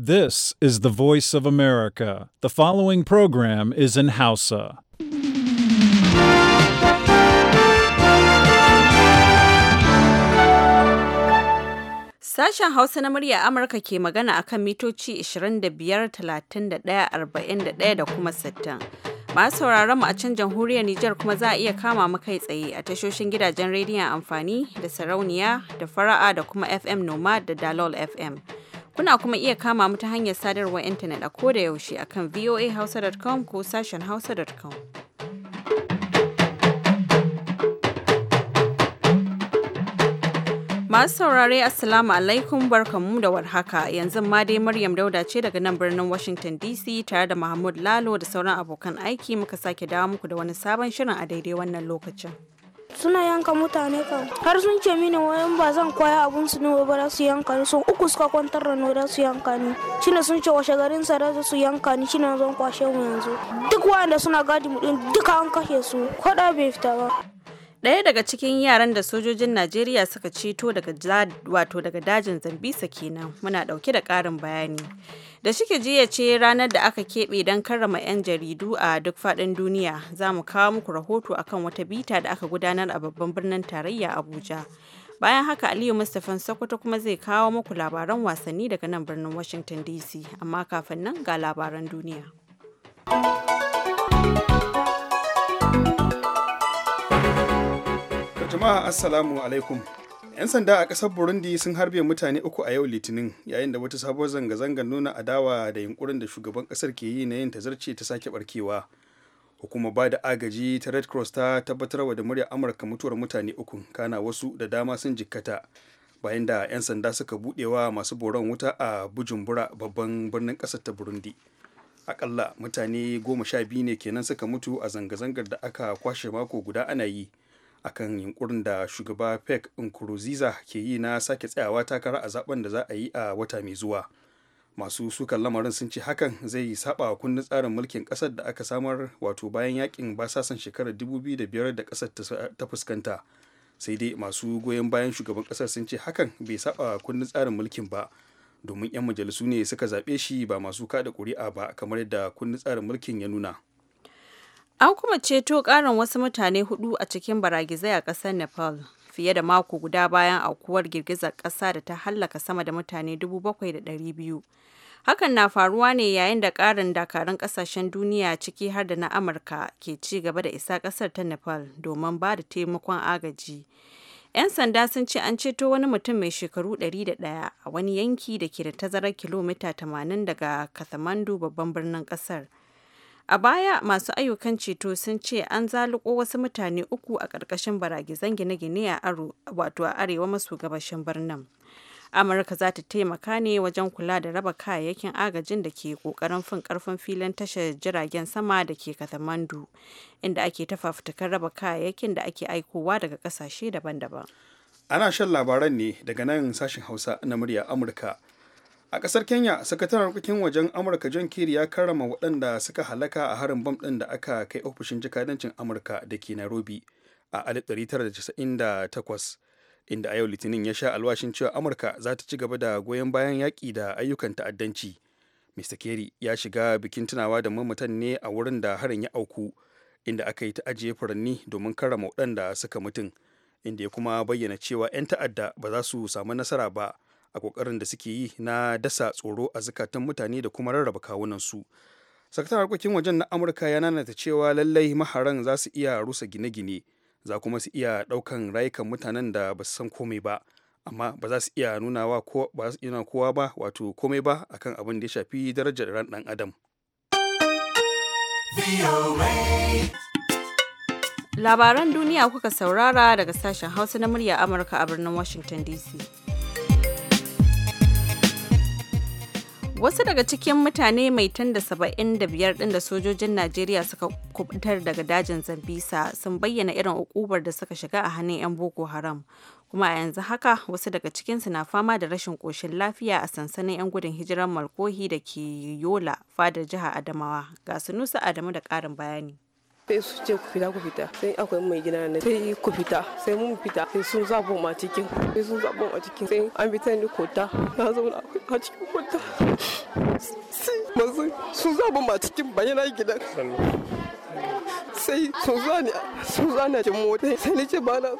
This is the voice of America. The following program is in Hausa. Sashen Hausa na murya Amurka ke magana akan mitoci 25, 31, 41 da kuma 60. Masu sauraron mu a can jamhuriyar Nijar kuma za a iya kama mu kai tsaye a tashoshin gidajen rediyon amfani da sarauniya da fara'a da kuma FM Noma da Dalol FM. Kuna kuma iya kama mu ta hanyar sadarwar intanet a koda yaushe akan voahausa.com ko sashen hausa.com. Masu saurare Assalamu alaikum barkanmu da warhaka yanzu ma dai Maryam Dauda ce daga nan birnin Washington DC tare da Mahmud Lalo da sauran abokan aiki muka sake dawo muku da wani sabon shirin a daidai wannan lokacin. Suna yanka mutane kan har sun ce mini wayan ba zan kwaya abun su ne ba su yanka su uku suka kwantar da noda su yanka ni shine sun ce washe garin sa su yanka ni shine zan kwashe mu yanzu duk wanda suna gadi mu din duka an kashe su ko bai fita ba daya daga cikin yaran da sojojin Najeriya suka ceto daga wato daga dajin Zambisa kenan muna dauke da karin bayani. Da shike jiya ce ranar da aka keɓe don karrama 'yan jaridu a duk faɗin duniya za mu kawo muku rahoto akan wata bita da aka gudanar a babban birnin tarayya Abuja. Bayan haka Aliyu Mustapha Sokoto kuma zai kawo muku labaran wasanni daga nan birnin Washington DC. Amma kafin nan ga labaran duniya. Jama'a Assalamu alaikum. 'Yan sanda a kasar Burundi sun harbe mutane uku a yau Litinin yayin da wata sabuwar zanga zanga nuna adawa da yunkurin da shugaban kasar ke yi na yin tazarce ta sake barkewa. hukumar ba da agaji ta red cross ta tabbatar wa da murya amurka mutuwar mutane uku kana wasu da dama sun jikkata bayan da 'yan sanda suka buɗewa masu boron wuta a bujumbura babban birnin ƙasar ta burundi akalla mutane goma sha biyu ne kenan suka mutu a zanga-zangar da aka kwashe mako guda ana yi akan yunkurin da shugaba pek nkurunziza ke yi na sake tsayawa takara a zaben da za a yi a wata mai zuwa masu sukan lamarin sun ce hakan zai yi saba wa kundin tsarin mulkin kasar da aka samar wato bayan yakin basasan shekarar 2005 da kasar ta fuskanta sai dai masu goyon bayan shugaban kasar sun ce hakan bai saba kundin tsarin mulkin ba domin 'yan majalisu ne suka zaɓe shi ba masu kada ƙuri'a ba kamar yadda kundin tsarin mulkin ya nuna an kuma ceto ƙarin wasu mutane hudu a cikin baragizai a ƙasar nepal fiye da mako guda bayan aukuwar girgizar ƙasa da ta hallaka sama da mutane 7,200. Hakan na faruwa ne yayin da ƙarin dakarun ƙasashen duniya ciki har da na Amurka ke ci gaba da isa ƙasar ta Nepal domin ba da taimakon agaji. 'Yan sanda sun ce an ceto wani mutum mai shekaru 101 a wani yanki da ke da tazarar kilomita 80 daga Kathmandu babban birnin ƙasar. A baya masu ayyukan ceto sun ce an zaluko wasu mutane uku a ƙarƙashin baragizan gine-gine a aro wato a arewa maso gabashin birnin. Amurka za ta taimaka ne wajen kula da raba kayayyakin agajin da ke ƙoƙarin fin ƙarfin filin tashar jiragen sama da ke Kathmandu, inda ake fafutukar raba kayayyakin da ake aikowa daga ƙasashe daban-daban. Ana shan labaran ne daga nan sashen Hausa na murya Amurka. a kasar kenya sakataren harkokin wajen amurka john kerry ya karrama waɗanda suka halaka a harin bom ɗin da aka kai ofishin jikadancin amurka da ke nairobi a 1998 inda a yau litinin ya sha alwashin cewa amurka za ta ci gaba da goyon bayan yaƙi da ayyukan ta'addanci mr kerry ya shiga bikin tunawa da mamatan ne a wurin da harin ya auku inda aka yi ta ajiye furanni domin karrama waɗanda suka mutum inda ya kuma bayyana cewa 'yan ta'adda ba za su samu nasara ba a kokarin da suke yi na dasa tsoro a zukatan mutane da kuma rarraba kawunansu su harkokin wajen na amurka ya nanata cewa lallai maharan za su iya rusa gine-gine za kuma su iya ɗaukan rayukan mutanen da ba su san komai ba amma ba za su iya nuna wa ko ba su iya kowa ba wato komai ba akan abin da ya shafi darajar ran dan adam labaran duniya kuka saurara daga sashen hausa na murya amurka a birnin washington dc Wasu daga cikin mutane mai da saba'in da biyar ɗin da sojojin Najeriya suka kubutar daga dajin Zambisa sun bayyana irin ukubar da suka shiga a hannun 'yan Boko Haram. Kuma a yanzu haka wasu daga cikinsu na fama da rashin ƙoshin lafiya a sansanin 'yan gudun hijirar Malkohi da ke Yola fadar jihar Adamawa. Ga Sunusa Adamu da ƙarin bayani. sai su ce ku fita ku fita sai akwai mai gida na sai eh, ku fita sai mun fita sai sun zabo ma cikin sai sun zabo ma cikin sai an fita ni kota na zauna a cikin kota Sai sun zabo ma cikin bayan gidan sai sun zani sun zani a cikin mota sai ni ce ba na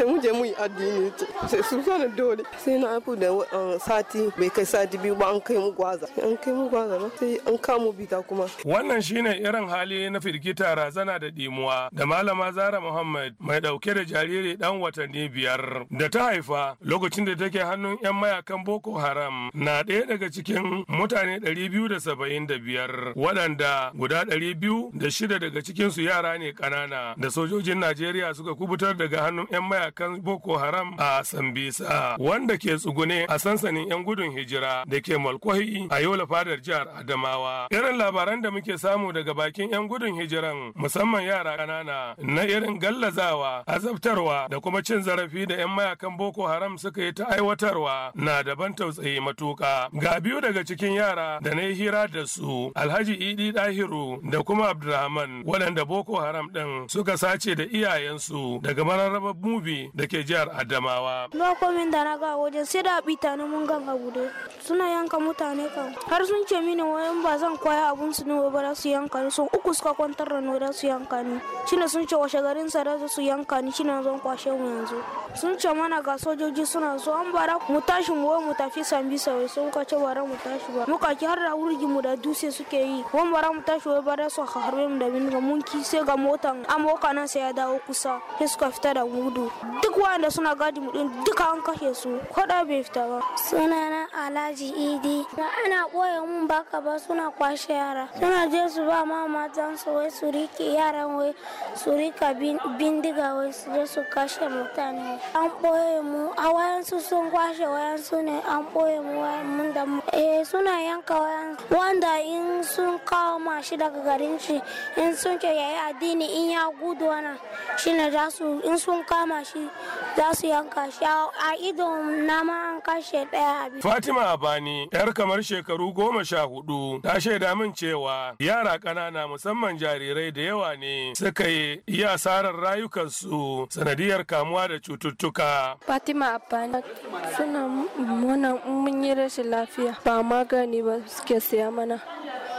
sai mu je mu yi addini sai su sa dole sai na fi da eh, sati bai kai sati biyu ba an kai mu gwaza an kai mu gwaza ba sai an kamo bita kuma wannan shine irin hali na firgita razana da dimuwa da malama Zara Muhammad mai dauke da jariri dan watanni biyar da ta haifa lokacin da take hannun yan mayakan Boko Haram na ɗaya daga cikin mutane 275 waɗanda guda 206 daga cikinsu yara ne ƙanana da sojojin Najeriya suka kubutar daga hannun yan mayakan mayakan Boko Haram a Sambisa wanda ke tsugune a sansanin 'yan gudun hijira da ke Malkwahi a Yola fadar jihar Adamawa. Irin labaran da muke samu daga bakin 'yan gudun hijiran musamman yara ƙanana na irin gallazawa, azabtarwa da kuma cin zarafi da 'yan mayakan Boko Haram suka yi ta aiwatarwa na daban tausayi matuƙa. Ga biyu daga cikin yara da na yi hira da su Alhaji Idi Dahiru da kuma Abdulrahman waɗanda Boko Haram ɗin suka sace da iyayensu daga mararrabar mubi Kebbi da ke jihar Adamawa. Lokomin da na ga wajen sai da bita ni mun ganga gude. Suna yanka mutane kan. Har sun ce mini wayan ba zan koya abun su ne ba za su yanka ni. Sun uku suka kwantar da ni da su yanka ni. Shine sun ce washe garin sa da su yanka ni shine zan kwashe mu yanzu. Sun ce mana ga sojoji suna so an bara mu tashi mu mu tafi san bisa wai sun ka ce bara mu tashi ba. Muka ki har da wurgi mu da dutse suke yi. Wan bara mu tashi wai bara su harbe mu da mun ki sai ga motan amma nan sai ya dawo kusa. Sai suka fita da gudu. duk wanda suna gadi mu duka an kashe su ko bai fita ba sunana alhaji idi na ana ɓoye mun baka ba suna kwashe yara suna je su ba ma matan su wai su rike yaran wai su rika bindiga wai su je su kashe mutane an ɓoye mu a wayansu sun kwashe wayansu ne an ɓoye mu mun da mu eh suna yanka wayan wanda in sun kawo mashi daga garin shi in sun ce yayi addini in ya gudu wana shine za su in sun kama shi za su yanka shi a idon nama an kashe ɗaya abin Fatima Abani, ‘yar kamar shekaru goma sha hudu, ta shaida min cewa yara ƙanana musamman jarirai da yawa ne suka yi iya asarar rayukansu sanadiyar kamuwa da cututtuka. Fatima Abani suna munan mun yi rashin lafiya ba magani ba suke siya mana.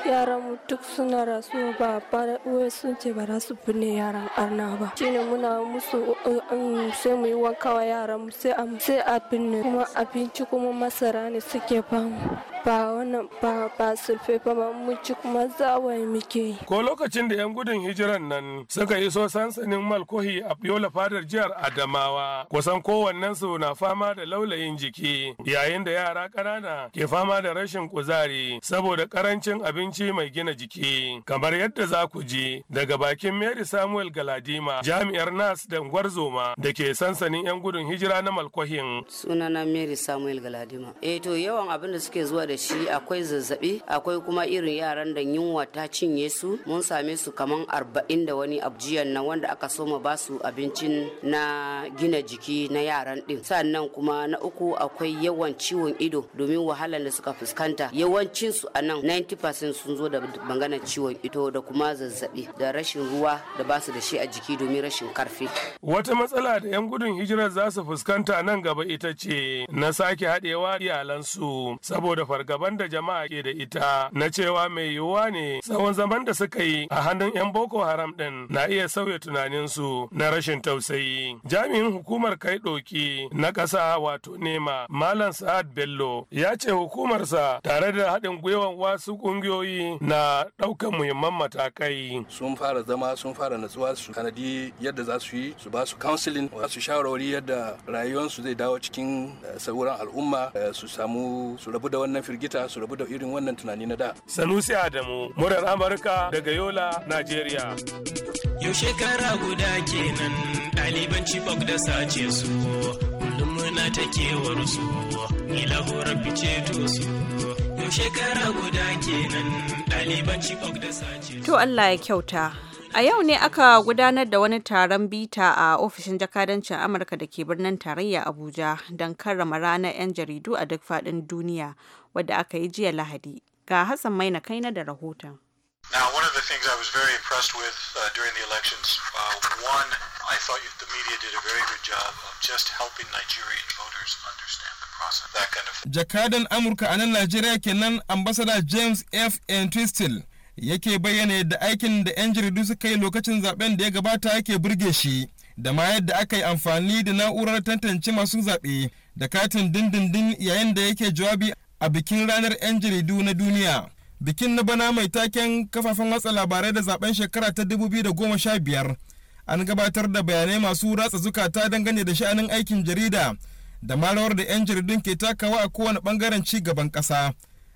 yaran mu duk suna rasu, ba ba uwe sun ce ba rasu binne yaran arna ba shine muna musu um, sai mu yi wanka wa yaran mu sai a binne kuma abinci kuma masara ne suke bamu ba wannan ba ba sulfe ba ci kuma za wai muke ko lokacin da yan gudun hijiran nan suka iso sansanin malkohi a yola fadar jihar adamawa kusan kowannen su na fama da laulayin jiki yayin da yara ƙanana ke fama da rashin kuzari saboda karancin abinci mai gina jiki kamar yadda za ku ji daga bakin mary samuel galadima jami'ar nas da gwarzoma da ke sansanin yan gudun hijira na malkohin sunana mary samuel galadima eh to yawan abin da suke zuwa da shi akwai zazzabi akwai kuma irin yaran da yunwa ta cinye su mun same su kaman arba'in da wani abjiyan nan wanda aka so ma ba su abincin na gina jiki na yaran din sannan kuma na uku akwai yawan ciwon ido domin wahalar da suka fuskanta yawancin su a nan 90% sun zo da bangana ciwon ido da kuma zazzabi da rashin ruwa da ba su da shi a jiki domin rashin karfi wata matsala da yan gudun hijirar za su fuskanta nan gaba ita ce na sake haɗewa iyalansu saboda fargaban da jama'a ke da ita na cewa mai yiwuwa ne tsawon zaman da suka yi a hannun 'yan Boko Haram ɗin na iya sauya tunaninsu na rashin tausayi. Jami'in hukumar kai ɗoki na ƙasa wato nema Malam Sa'ad Bello ya ce hukumarsa tare da haɗin gwiwan wasu ƙungiyoyi na ɗaukan muhimman matakai. Sun fara zama sun fara natsuwa su kanadi yadda za su yi su ba su counseling su shawarwari yadda rayuwarsu zai dawo cikin eh, sauran al'umma eh, su samu su rabu da wannan firgita su rabu da irin wannan tunani na da. Sanusi Adamu, murar Amurka daga Yola, Najeriya. Yau shekara guda kenan ɗaliban Chibok da sace su, kullum muna ta kewar su, ni lahorar fice to su. Yau shekara guda kenan ɗaliban Chibok da sace su. To Allah ya kyauta. A yau ne aka gudanar da wani taron bita a ofishin jakadancin Amurka da ke birnin tarayya Abuja don karrama ranar 'yan jaridu a duk faɗin duniya wadda aka yi jiya Lahadi. Ga Hassan Maina Kaina da rahoton. Now, one of the things I was very impressed with uh, during the elections, uh, one, I thought the media did a very good job of just helping Nigerian voters understand the process, that kind of Jakadan Amurka a nan Najeriya kenan ambassador James F. Entwistle yake bayyana yadda aikin da 'yan jaridu suka yi lokacin zaben da ya gabata yake burge shi da ma yadda aka yi amfani da na'urar tantance masu zaɓe da katin dindindin yayin da yake jawabi a bikin ranar 'yan jaridu na duniya. Bikin na bana mai taken kafafen watsa labarai da zaben shekara ta goma sha biyar an gabatar da bayanai masu ratsa zukata dangane da sha'anin aikin jarida da ma da 'yan jaridun ke takawa a kowane bangaren ci gaban ƙasa.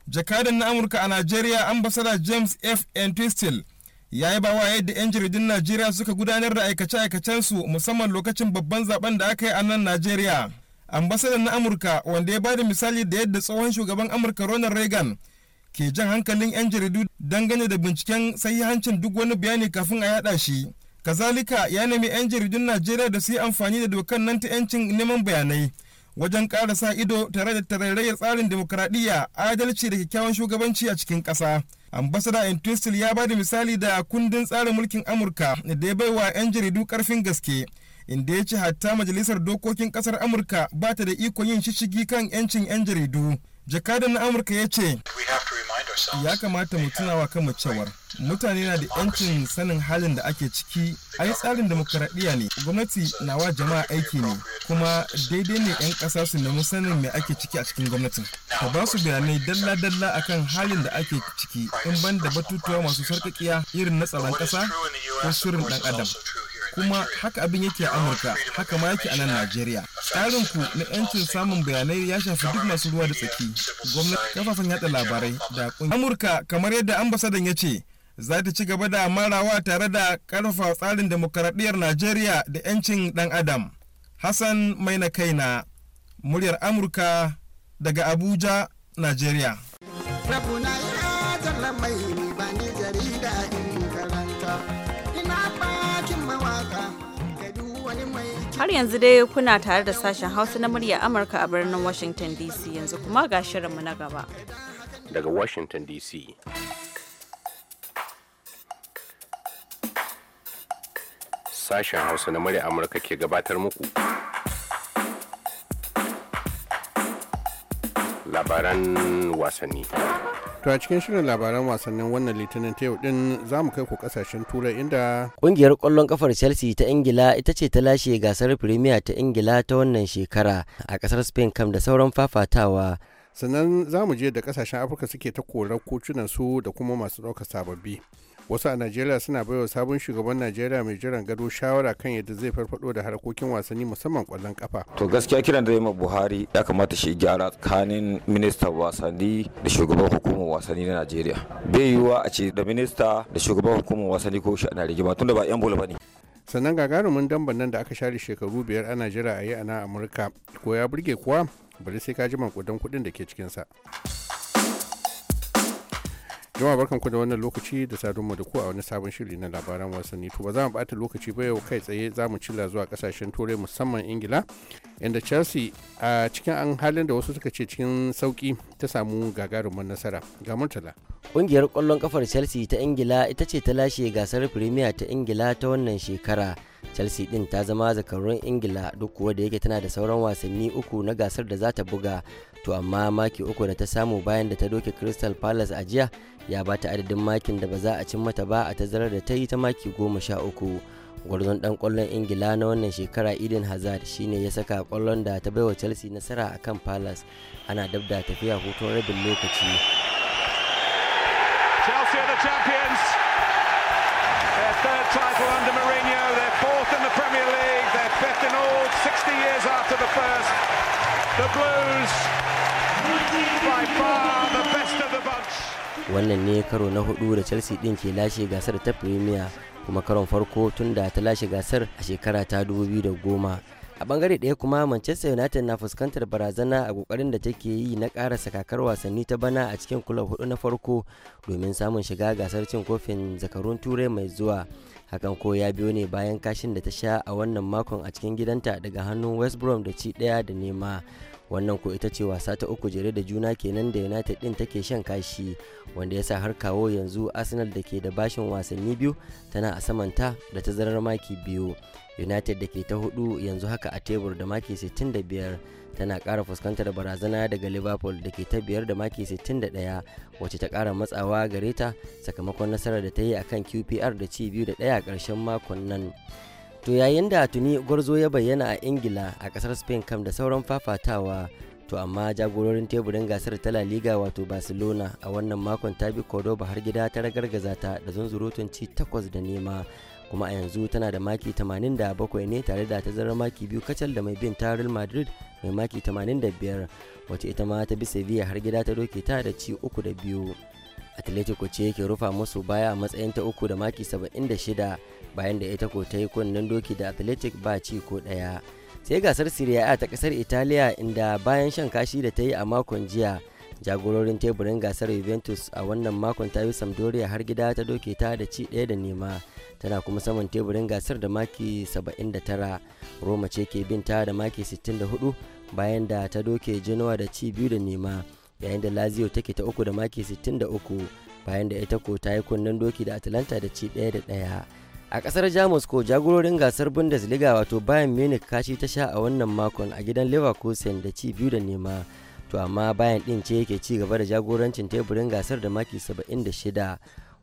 jakadan na amurka a najeriya ambasada james f entwistle ya yi bawa yadda 'yan jaridun najeriya suka gudanar da aikace-aikacensu musamman lokacin babban zaben da aka yi a nan najeriya ambasadan na amurka wanda ya bada misali da yadda tsohon shugaban amurka ronald reagan ke jan hankalin 'yan jaridu dangane da binciken sahihancin duk wani bayani kafin a yada shi kazalika ya nemi 'yan jaridun najeriya da su yi amfani da dokar nan ta 'yancin neman bayanai wajen ƙara sa ido tare da tarairayar tsarin demokuraɗiyya adalci da kyakkyawan shugabanci a cikin ƙasa. ambasada entwistle ya ba da misali da kundin tsarin mulkin amurka da ya baiwa 'yan jaridu karfin gaske inda ya ce hatta majalisar dokokin ƙasar amurka ba ta da iko yin shishigi kan 'yancin 'yan jaridu jakadan na amurka ya ce ya kamata mu tunawa kanmu cewar mutane na da yancin sanin halin da ake ciki ai tsarin demokaradiyya ne gwamnati na wa jama'a aiki ne kuma daidai ne 'yan ƙasa su nemi sanin me ake ciki a cikin gwamnatin ka ba su bayanai dalla-dalla akan halin da ake ciki in ban da batutuwa masu sarƙaƙiya irin na tsaron ƙasa ko shirin ɗan adam kuma haka abin yake a amurka haka ma yake a nan najeriya tsarin ku na yancin samun bayanai ya shafi duk masu ruwa da tsaki gwamnati kafafen yada labarai da amurka kamar yadda ambasadan ya ce za ta ci gaba da marawa tare da karfafa tsarin demokaradiyyar najeriya da yancin dan adam hassan mai na kaina muryar amurka daga abuja najeriya Har yanzu dai kuna tare da sashen Hausa na murya Amurka a birnin Washington DC yanzu kuma ga shirinmu na gaba. Daga Washington DC. Sashen Hausa na murya Amurka ke gabatar muku. Labaran wasanni. To a cikin shirin labaran wasannin wannan litinin ta yau din za mu kai ku kasashen turai inda ƙungiyar kwallon kafar Chelsea ta Ingila ita ce ta lashe gasar Premier ta Ingila ta wannan shekara a kasar Spain kam da sauran fafatawa. Sannan za mu je da kasashen Afirka suke ta korar kocunan su da kuma masu ɗaukar sababbi. wasu a najeriya suna baiwa sabon shugaban najeriya mai jiran gado shawara kan yadda zai farfado da harkokin wasanni musamman kwallon kafa to gaskiya kiran da yamma buhari ya kamata shi gyara tsakanin ministan wasanni da shugaban hukumar wasanni na najeriya bai yiwuwa a ce da minista da shugaban hukumar wasanni ko shi ana rigima tunda ba yan bola ba ne sannan gagarumin damban nan da aka share shekaru biyar ana jira a yi a na amurka ko ya burge kuwa bari sai ka ji mankudan kudin da ke cikinsa. sa jama'a barkanku da wannan lokaci da sadunmu da ku a wani sabon shiri na labaran wasanni to ba za mu bata lokaci ba yau kai tsaye za mu cilla zuwa kasashen turai musamman ingila inda chelsea a cikin an halin da wasu suka ce cikin sauki ta samu gagarumin nasara ga murtala kungiyar kwallon kafar chelsea ta ingila ita ce ta lashe gasar premier ta ingila ta wannan shekara chelsea din ta zama zakarun ingila duk kuwa da yake tana da sauran wasanni uku na gasar da za ta buga to amma maki uku da ta samu bayan da ta doke crystal palace a jiya ya ba ta adadin makin da ba za a cin mata ba a tazarar da ta yi ta maki goma sha uku gwarzon dan kwallon ingila na wannan shekara eden hazard shine ya saka kwallon da ta baiwa chelsea nasara akan palace ana dab da tafiya hutun rabin lokaci Chelsea the Wannan ne karo na hudu da Chelsea din ke lashe gasar ta Premier kuma karon farko tun da ta lashe gasar a shekara ta 2010 a bangare ɗaya kuma manchester united na fuskantar barazana a kokarin da take yi na karasa kakar wasanni ta bana a cikin kulob hudu na farko domin samun shiga gasar cin kofin zakarun turai mai zuwa hakan ko ya biyo ne bayan kashin da ta sha a wannan makon a cikin gidanta daga hannun west brom da ci ɗaya da nema wannan ko ita ce wasa ta uku jere da juna kenan da united din take shan kashi wanda ya sa har kawo yanzu arsenal da ke da bashin wasanni biyu tana a samanta da tazarar maki biyu united da ke ta hudu yanzu haka a tebur da maki 65 tana kara fuskantar barazana daga liverpool da ke ta biyar da maki 61 wace ta kara matsawa gare ta sakamakon nasarar da ta yi akan qpr da ci biyu da daya karshen makon nan to yayin da tuni gwarzo ya bayyana a ingila a kasar spain kam da sauran fafatawa to amma jagororin teburin gasar ta La Liga wato Barcelona a wannan makon ta bi Cordoba har gida ta ragargaza ta da zunzurutun ci takwas da nema kuma a yanzu tana da maki 87 ne tare da tazarar maki biyu kacal da mai bin ta Real Madrid mai maki 85 wacce ita ma ta bi Sevilla har gida ta doke ta da ci uku da biyu. Atletico ce yake rufa musu baya a matsayin ta uku da maki 76 bayan da ita ko ta yi kunnen doki da Atletic ba ci ko ɗaya. Sai gasar Serie A ta kasar Italiya inda bayan shan kashi da ta yi a makon jiya jagororin teburin gasar Juventus a wannan makon ta yi Sampdoria har gida ta doke ta da ci daya da nema. tana kuma saman teburin gasar da maki 79 roma ce ke Binta da maki 64 bayan da ta doke genoa da ci biyu da nema yayin da lazio take ta uku da maki 63 bayan da ita ko ta yi kunnen doki da atalanta da ci ɗaya da ɗaya a kasar jamus ko jagororin gasar bundesliga wato bayan munich kashi ta sha a wannan makon a gidan leverkusen da ci biyu da nema to amma bayan din ce yake ci gaba da jagorancin teburin gasar da maki 76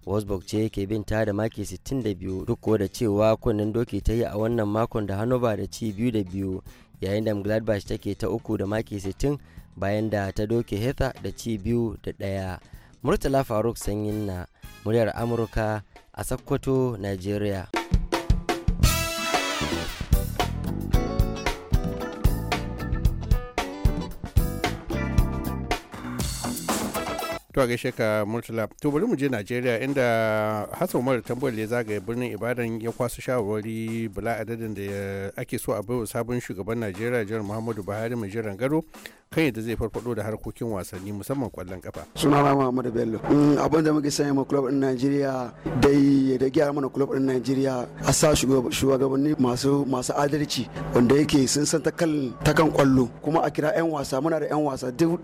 Wolfsburg ce yake bin ta da maki 62 duk da cewa kunnen doki ta yi a wannan makon da Hannover da ci biyu da biyu yayin da Gladbach take ta uku da maki 60 bayan da ta doke Hertha da ci biyu da ɗaya. Murtala Faruk Sanyin na muryar Amurka a Sokoto, Nigeria. to a gaishe ka murtala to bari mu je najeriya inda hassan umar tambayar ya zagaye birnin ibadan ya kwasu shawarwari bala adadin da ake so a baiwa sabon shugaban najeriya jihar muhammadu buhari mai jiran gado kan yadda zai farfado da harkokin wasanni musamman kwallon kafa. na Muhammadu Bello. Mm, abin da muke sanya ma club din Najeriya dai da gyara mana club din Najeriya a sa shugabanni masu masu adalci wanda yake sun san takan takan kwallo kuma a kira yan wasa muna da yan wasa duk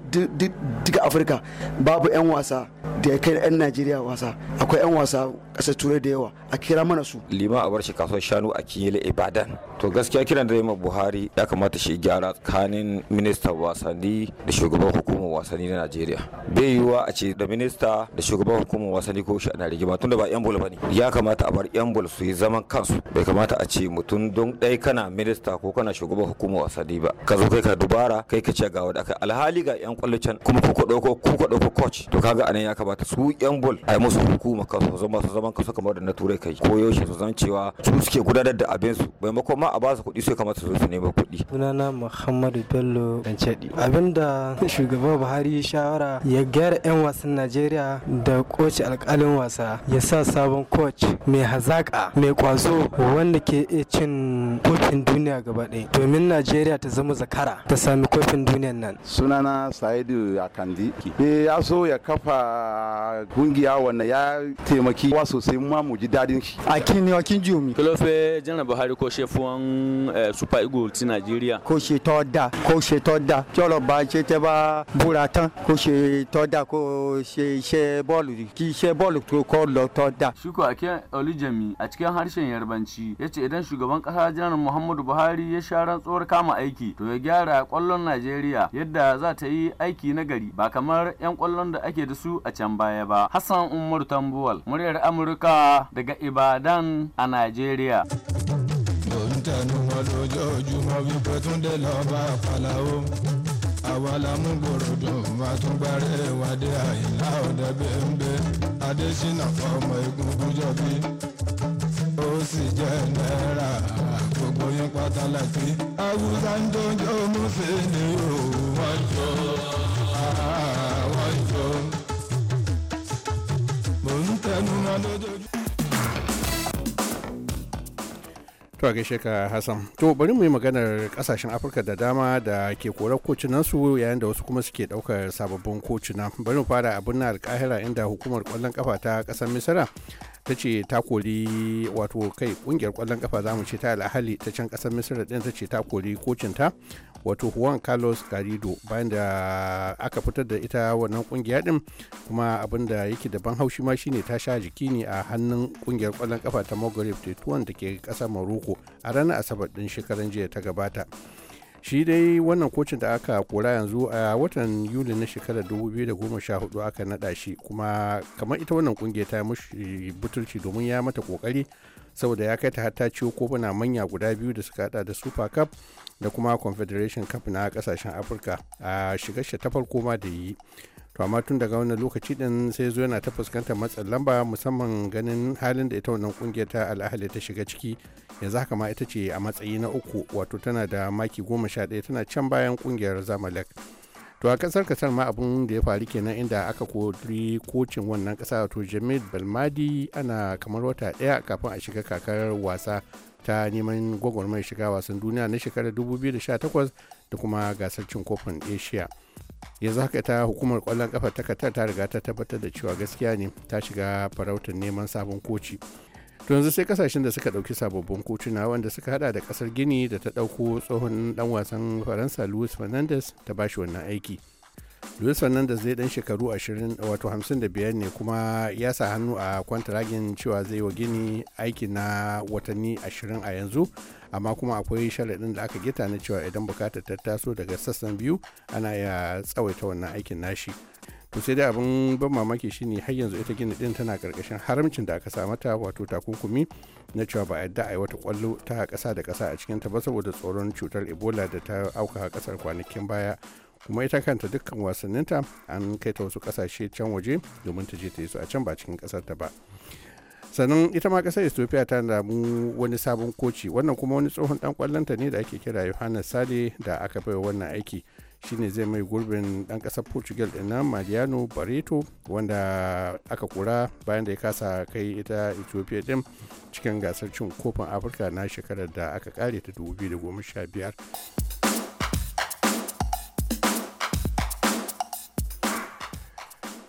Afirka babu yan wasa da kai yan Najeriya wasa akwai yan wasa kasar Turai da yawa a kira mana su. Lima a bar shi kasuwar shanu a Kiyele Ibadan. to gaskiya kiran da ma buhari ya kamata shi gyara tsakanin ministan wasanni da shugaban hukumar wasanni na najeriya bai yiwuwa a ce da minista da shugaban hukumar wasanni ko shi ana rigima tunda ba yan bol bane ya kamata a bar yan bol su yi zaman kansu bai kamata a ce mutum don dai kana minista ko kana shugaban hukumar wasanni ba ka zo kai ka dubara kai ka ce ga wanda aka alhali ga yan kwallo can kuma ku ɗauko ku ka ɗauko coach to kaga anan ya kamata su yan bol a yi musu hukuma kansu su zama su zaman kansu kamar da na turai kai ko yaushe su zan cewa su suke gudanar da su maimakon ma ma a ba su kuɗi sai kamata su nemi kuɗi. sunana muhammadu bello dancedi abinda shugaban buhari shawara ya gyara 'yan wasan najeriya da koci alƙalin wasa ya sa sabon koci mai hazaƙa mai kwazo wanda ke iya cin kofin duniya gaba ɗaya domin najeriya ta zama zakara ta sami kofin duniyan nan sunana sa'idu akandi me ya so ya kafa kungiya wanda ya taimaki wa sosai ma mu ji dadin shi ne akin jumi kulofe janar buhari ko shefuwan àwọn eh, super eagles ti nàìjíríà. kó ṣe tọ́ da kó ṣe tọ́ da tí ọlọ́ba ṣe tẹ́ bá búra tán ṣe tọ́ da ko ṣe iṣẹ́ bọ́ọ̀lù kí iṣẹ́ bọ́ọ̀lù tó kọ́ lọ tọ́ da. shuko a cikin harshen yarbanci ya ce idan shugaban ƙasa janar muhammadu buhari ya sha rantsuwar kama aiki to ya gyara kwallon najeriya yadda za ta yi aiki na gari ba kamar 'yan kwallon da ake da su a can baya ba hassan umaru tambuwal muryar amurka daga ibadan a najeriya. tẹnu wọn lójoojúmọ́ wípé túndé lọ́ba àpàlà o àwa la mú gbòròdò wa tún gbárẹ́ ìwádìí àyìnlá ọ̀dẹ bẹ́ẹ̀nbẹ́ adésínà ọmọ egungun jọbí ó sì jẹ́ náírà gbogbo yín pátá láti haúsá ń jọjọ́ mùsùlùmí ni o wọ́n jọ ah, wọ́n jọ mò ń tẹnu wọn lójoojúmọ́. to a gaishe ka hassan to bari mu yi maganar kasashen afirka da dama da ke korar kocinan su yayin da wasu kuma suke daukar sababbin kocina bari mu fara abin na alkahira inda hukumar kwallon kafa ta kasar misira ta ce ta kori wato kai kungiyar kwallon kafa zamu ce ta al'ahali ta can kasar misira din ta ce ta kori kocin ta wato juan carlos garido bayan da aka fitar da ita wannan kungiya din kuma abin da yake da ban haushi ma shine ta sha jiki ne a hannun kungiyar kwallon kafa ta mogorif tetuwan da ke kasar maroko a ranar asabar din shekaran jiya ta gabata shi dai wannan kocin da aka kora yanzu a watan yuli na shekarar 2014 aka nada shi kuma kamar ita wannan kungiya ta mushi butulci domin ya mata kokari saboda ya kai ta hatta ciwo kofuna manya guda biyu da suka hada da super cup da kuma confederation cup na kasashen afirka a shigar ta farko ma da yi to amma tun daga wannan lokaci din sai zo yana ta fuskantar matsin lamba musamman ganin halin da ita wannan kungiya ta al'ahali ta shiga ciki yanzu haka ma ita ce a matsayi na uku wato tana da maki goma sha ɗaya tana can bayan kungiyar zamalek to a kasar kasar ma abun da ya faru kenan inda aka kori kocin wannan kasa wato jamil balmadi ana kamar wata ɗaya kafin a shiga kakar wasa ta neman gwagwarmar shiga wasan duniya na shekarar 2018 da kuma gasar cin kofin asia yanzu haka ta hukumar kwallon kafa ta katar ta riga ta tabbatar da cewa gaskiya ne ta shiga farautar neman sabon koci to yanzu sai kasashen da suka dauki sababbin kotuna wanda suka hada da kasar gini da ta dauko tsohon dan wasan faransa luis fernandez ta bashi wannan aiki luis fernandez zai dan shekaru 20 wato 55 ne kuma ya sa hannu a kwantaragin cewa zai wa gini aiki na watanni 20 a yanzu amma kuma akwai sharaɗin da aka gita na cewa idan bukatar ta taso daga sassan biyu ana ya tsawaita wannan aikin nashi to sai dai abin ban mamaki shine har yanzu ita gini din tana karkashin haramcin da aka ta wato takunkumi na cewa ba a yadda a yi wata kwallo ta kasa da kasa a cikin ta ba saboda tsoron cutar ebola da ta auka kasar kwanakin baya kuma ita kanta dukkan wasanninta an kai ta wasu kasashe can waje domin ta je ta yi su a can ba cikin kasar ta ba sannan ita ma kasar ethiopia ta damu wani sabon koci wannan kuma wani tsohon dan kwallonta ne da ake kira yohannes sale da aka baiwa wannan aiki shine zai mai gurbin dan kasar portugal din nan mariano barreto wanda aka kura bayan da ya kasa kai ita ethiopia din cikin gasar cin kofin afirka na shekarar da aka kare ta 2015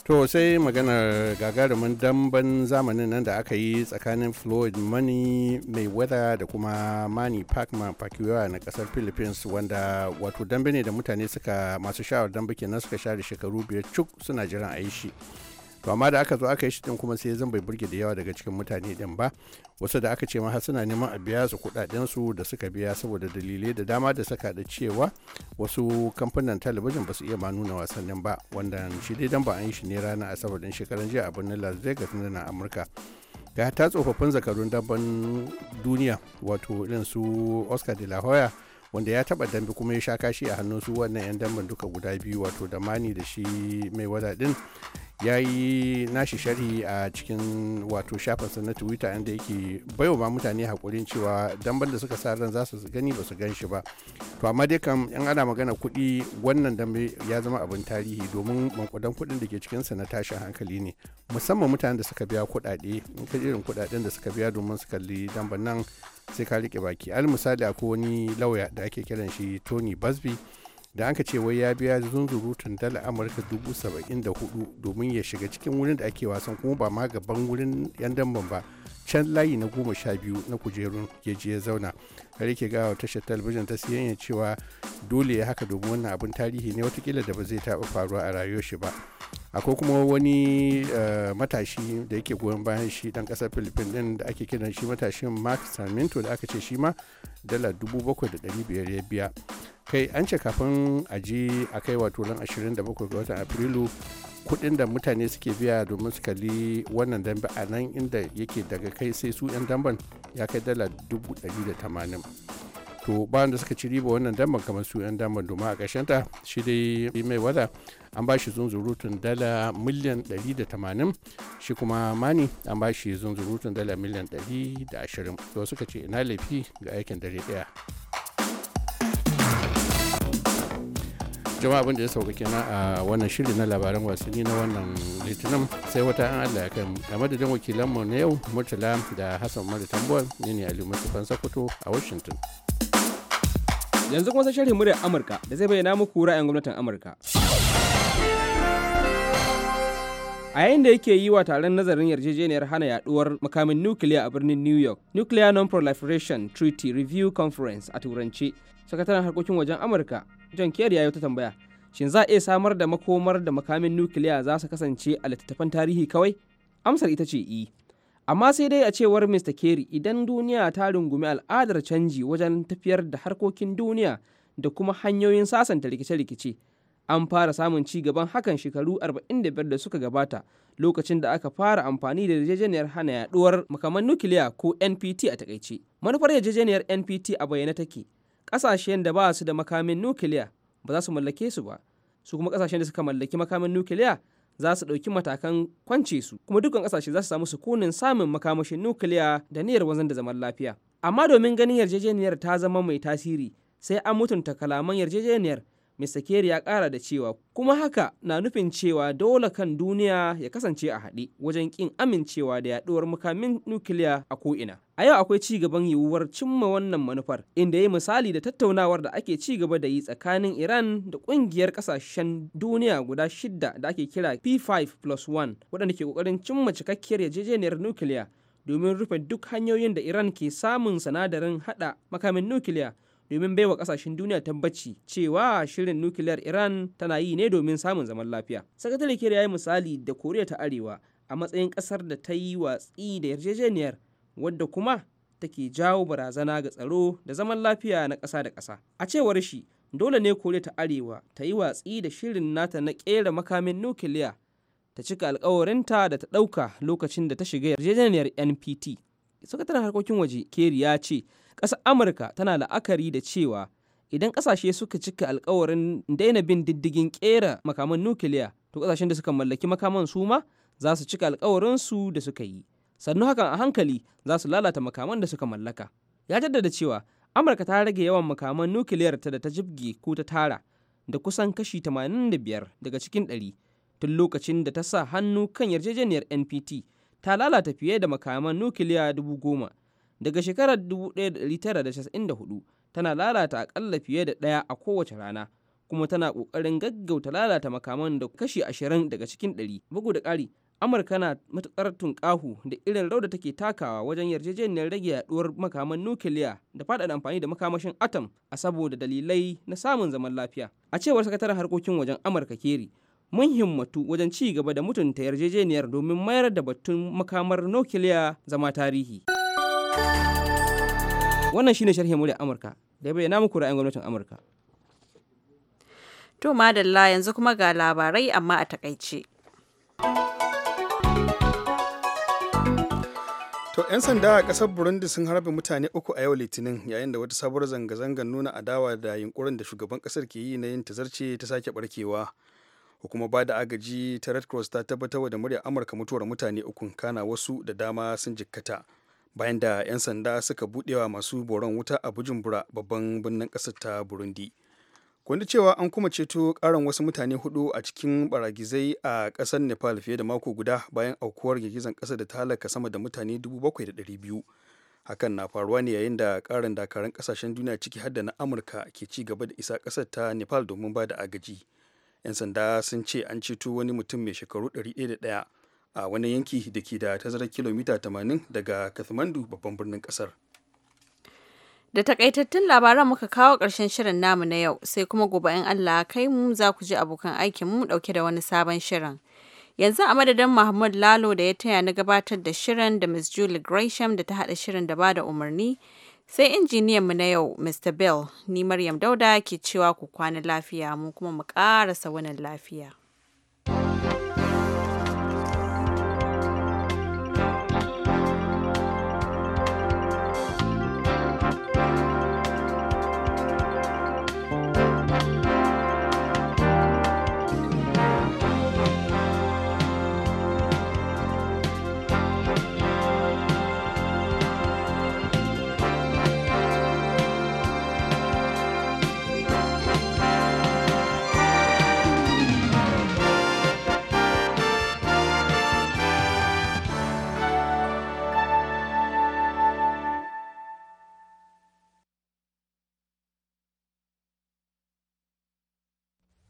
to sai maganar gagarumin damban zamanin nan da aka yi tsakanin floyd money wada da kuma manny pacman pacquiao na kasar philippines wanda wato dambe ne da mutane suka masu sha'awar dambe kenan suka share shekaru biyar cuk suna jiran aishi. to amma da aka zo aka yi shi din kuma sai zan bai burge da yawa daga cikin mutane din ba wasu da aka ce ma har suna neman a biya su kudaden su da suka biya saboda dalilai da dama da saka da cewa wasu kamfanin talabijin ba su iya ma nuna wasannin ba wanda shi dai dan ba an yi shi ne ranar asabar in shekaran jiya a birnin Las Vegas na Amurka ga ta tsofaffin zakarun damben duniya wato irin su Oscar de la Hoya wanda ya taba dambe kuma ya sha kashi a hannun su wannan 'yan damban duka guda biyu wato da mani da shi mai wada ya yi nashi sharhi a cikin wato shafinsa na twitter inda yake baiwa ma mutane haƙurin cewa damben da suka sa ran za su gani ba su gan shi ba to amma dai kam in ana magana kuɗi wannan dambe ya zama abin tarihi domin mankudan kuɗin da ke cikinsa na tashin hankali ne musamman mutanen da suka biya kuɗaɗe in ka irin kuɗaɗen da suka biya domin su kalli damben nan sai ka riƙe baki al misali akwai wani lauya da ake kiran shi tony busby da an ka ce wai ya biya zunzurutun dala amurka dubu saba'in da hudu domin ya shiga cikin wurin da ake wasan kuma ba ma gaban wurin yan damban ba can layi na goma sha biyu na kujerun ya je ya zauna har yake gawa tashar talabijin ta siyan cewa dole ya haka domin wannan abin tarihi ne watakila da ba zai taɓa faruwa a rayuwar shi ba akwai kuma wani eh, matashi da yake goyon bayan shi dan kasar filifin din da ake kiran shi matashin mark saminto da aka ce shi ma dala da biyar ya biya kai an ce kafin a je a kai wato ran 27 ga watan afrilu kudin da mutane suke biya domin su kalli wannan damba a nan inda yake daga kai sai su 'yan damban ya kai dala 180 to bayan da suka ci riba wannan damban kamar su 'yan damban domin a ta shi dai mai wada an ba shi zunzurutun dala miliyan 180 shi kuma mani an ba shi zunzurutun dala miliyan 120 to suka ce ina laifi ga aikin dare daya jama'a abin da ya sauka kenan a wannan shirin na labaran wasanni na wannan litinin sai wata an allah ya kai mu a madadin wakilanmu na yau murtala da hassan mari tambuwal ne ne ali mustapha sokoto a washington yanzu kuma sai shirin muryar amurka da zai bayyana muku ra'ayin gwamnatin amurka a yayin da yake yi wa taron nazarin yarjejeniyar hana yaduwar makamin nukiliya a birnin new york nuclear non-proliferation treaty review conference a turanci sakataren harkokin wajen amurka John Kerry ya yi wata tambaya. Shin za a iya samar da makomar da makamin nukiliya za su kasance a littattafan tarihi kawai? Amsar ita ce i. E. Amma sai dai a cewar Mr. Kerry idan duniya ta rungumi al'adar canji wajen tafiyar da harkokin duniya da kuma hanyoyin sasanta rikice-rikice, an fara samun ci gaban hakan shekaru 45 da suka gabata lokacin da aka fara amfani da yarjejeniyar hana yaduwar makaman nukiliya ko NPT a takaice. Manufar yarjejeniyar NPT a bayyane take ƙasashen da ba su da makamin nukiliya ba za su mallake su ba su kuma ƙasashen da suka mallaki makamin nukiliya za su ɗauki matakan kwance su kuma dukkan ƙasashe za su samu sukunin samun makamashin nukiliya da niyyar wanzan da zaman lafiya amma domin ganin yarjejeniyar ta zama mai tasiri sai an mutunta kalaman yarjejeniyar Mr. Kerry ya kara da cewa kuma haka na nufin cewa dole kan duniya ya kasance a haɗe wajen ƙin amincewa da yaɗuwar mukamin nukiliya a ko'ina. A yau akwai ci gaban yiwuwar cimma wannan manufar inda ya misali da tattaunawar da ake ci gaba da yi tsakanin Iran da ƙungiyar ƙasashen duniya guda shidda da ake kira P5 plus 1 waɗanda ke ƙoƙarin cimma cikakkiyar yarjejeniyar nukiliya domin rufe duk hanyoyin da Iran ke samun sanadarin haɗa makamin nukiliya domin baiwa kasashen duniya tabbaci cewa shirin nukiliyar Iran tana yi ne domin samun zaman lafiya. Sakatare Kerry ya yi misali da Koriya ta Arewa a matsayin kasar da ta yi watsi da yarjejeniyar wadda kuma take jawo barazana ga tsaro da zaman lafiya na ƙasa da ƙasa. A cewar shi, dole ne Koriya ta Arewa ta yi watsi da shirin nata na kera makamin nukiliya ta cika alkawarinta da ta ɗauka lokacin da ta shiga yarjejeniyar NPT. sakataren harkokin waje keri ya ce ƙasar amurka tana la'akari da cewa idan ƙasashe suka cika alkawarin daina bin diddigin ƙera makaman nukiliya to ƙasashen da suka mallaki makaman su ma za su cika su da suka yi sannu hakan a hankali za su lalata makaman da suka mallaka ya jaddada cewa amurka ta rage yawan makaman nukiliyar ta da ta jibge ko ta tara da kusan kashi 85 daga cikin 100 tun lokacin da ta sa hannu kan yarjejeniyar npt ta lalata fiye da makaman nukiliya dubu goma daga shekarar 1994 tana lalata akalla fiye da ɗaya a kowace rana kuma tana ƙoƙarin gaggauta lalata makaman da kashi ashirin daga cikin ɗari bugu da ƙari amurka na matuƙar tunƙahu da irin rau da take takawa wajen yarjejeniyar rage yaɗuwar makaman nukiliya da faɗaɗa amfani da makamashin atom a saboda dalilai na samun zaman lafiya a cewar sakataren harkokin wajen amurka keri mun himmatu wajen ci gaba da mutunta yarjejeniyar domin mayar da batun makamar nukiliya zama tarihi. Wannan shine sharhin mu da Amurka da ya bayyana muku ra'ayin gwamnatin Amurka. To madalla yanzu kuma ga labarai amma a takaice. To 'yan sanda a ƙasar Burundi sun harbe mutane uku a yau Litinin yayin da wata sabuwar zanga-zangar nuna adawa da yunkurin da shugaban ƙasar ke yi na yin tazarce ta sake barkewa. hukumar ba da agaji ta red cross ta tabbatar da murya amurka mutuwar mutane uku kana wasu da dama sun jikkata bayan da 'yan sanda suka budewa masu boron wuta a bujumbura babban birnin kasar ta burundi kwanda cewa an kuma ceto karan wasu mutane hudu a cikin baragizai a kasar nepal fiye da mako guda bayan aukuwar girgizan kasa da ta halaka sama da mutane 7,200 hakan na faruwa ne yayin da karin dakarun kasashen duniya ciki hadda na amurka ke ci gaba da isa kasar ta nepal domin ba da agaji 'yan sanda sun ce an ceto wani mutum mai shekaru 101 a wani yanki da ke da tazarar kilomita 80 daga kathmandu babban birnin kasar da takaitattun labaran muka kawo ƙarshen shirin namu na yau sai kuma gobe in allah kai mu za ku ji abokan aikin mu dauke da wani sabon shirin yanzu a madadin mahmud lalo da ya taya na gabatar da shirin da ms julie gresham da ta haɗa shirin da ba da umarni Sai injiniyan mu na yau, Mr. Bell, ni Maryam Dauda ke cewa ku kwana lafiya mu kuma mu ƙarasa wannan lafiya.